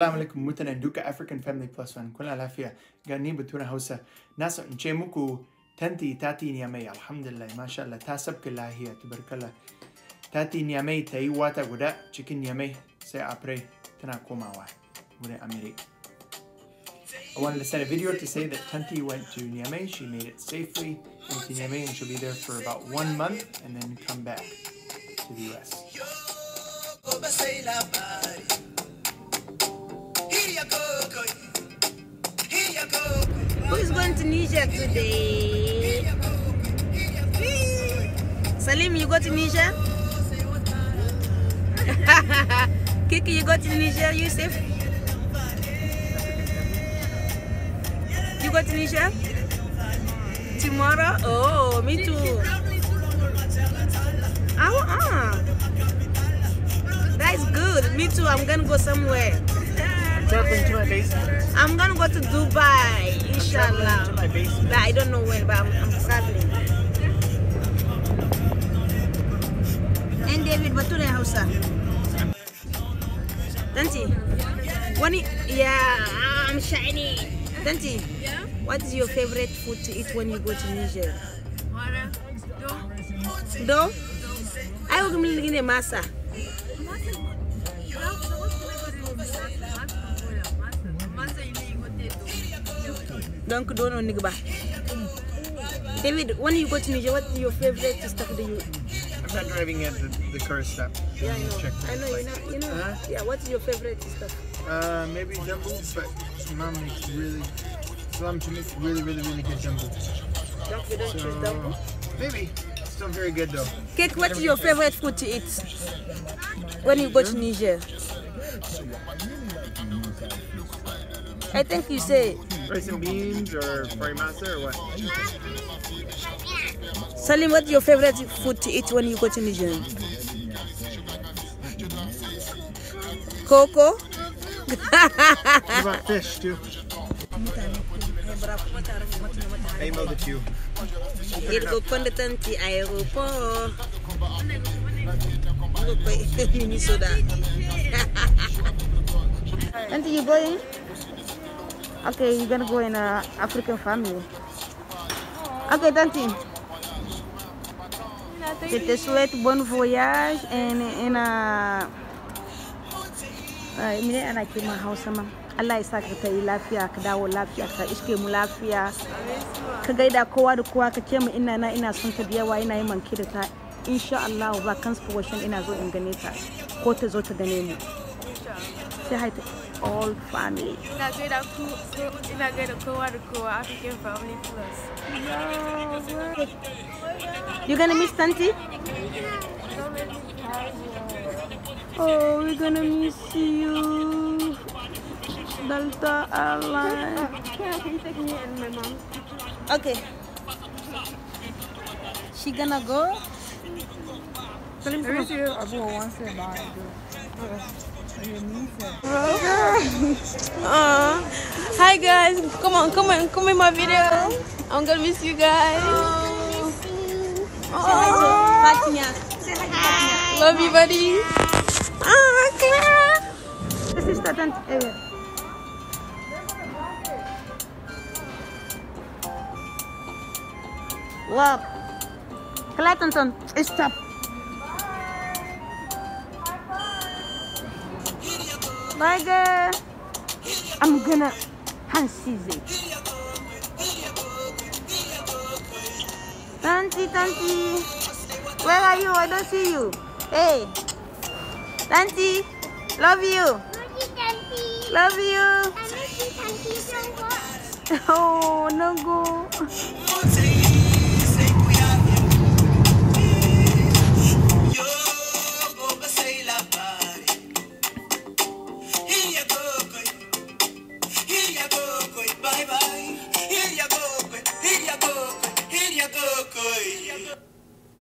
I wanted to send a video to say that Tanti went to Niamey. She made it safely in Niamey and she'll be there for about one month and then come back to the US. Who's going to Niger today? Salim, you go to Niger? Oh, Kiki, you go to Niger, Yusuf? You go to Niger? Tomorrow? Oh, me too. uh -uh. That's good. Me too. I'm going to go somewhere. I'm gonna go to Dubai, inshallah. But I don't know when, but I'm, I'm traveling. And David, what do you have, Tanti, when it, yeah, I'm shiny. Tanti, what is your favorite food to eat when you go to Niger? Do? Do? I will give you masa. donc doo noonu oh, nigga baax David when you go to Niger what's your favorite stuff do you I'm not driving at the, the current stop. Yeah, I know. I know, you know, you know. Huh? Yeah, what's your favorite stuff? Uh, maybe jumbo, but mom makes really, mom really, really, really good jumbo. Don't don't so, choose jumbo? Maybe. Still very good though. Cake, what's your favorite food to eat when you go to Niger? I think you say rice and beans or curry masa or what? Salim, what's your favorite food to eat when you go to Niger? Coco? what about fish too? I emailed it to you. Irgo konde tanti aeropo. Irgo Minnesota. Auntie, you going? Okay, you're gonna go in a African family. Okay, thank you. Je te souhaite bon voyage and in a mine ana ke ma Hausa ma. Allah ya sa ka ta yi lafiya ka dawo lafiya ka iske mu lafiya. Ka gaida kowa da kowa ka ce mu ina na ina son ta wa, ina yi manki da ta insha Allah ba kansu ina zo in gane ta ko ta zo ta gane mu. Sai all family. You're gonna miss Tanti? Oh, we're gonna miss you. Delta Airlines. can you take me and my mom? Okay. She gonna go? Tell him to I'll go once a bye uh, hi guys, come on, come on, come in my video. I'm gonna miss you guys. Oh. Oh. Love you, buddy. Ah, oh, Clara. This is the tent. Wow. Clapton, stop. Like, uh, I'm gonna hand seize it. Tanti, Tanti, where are you? I don't see you. Hey, Tanti, love you. Love you. Oh, no go.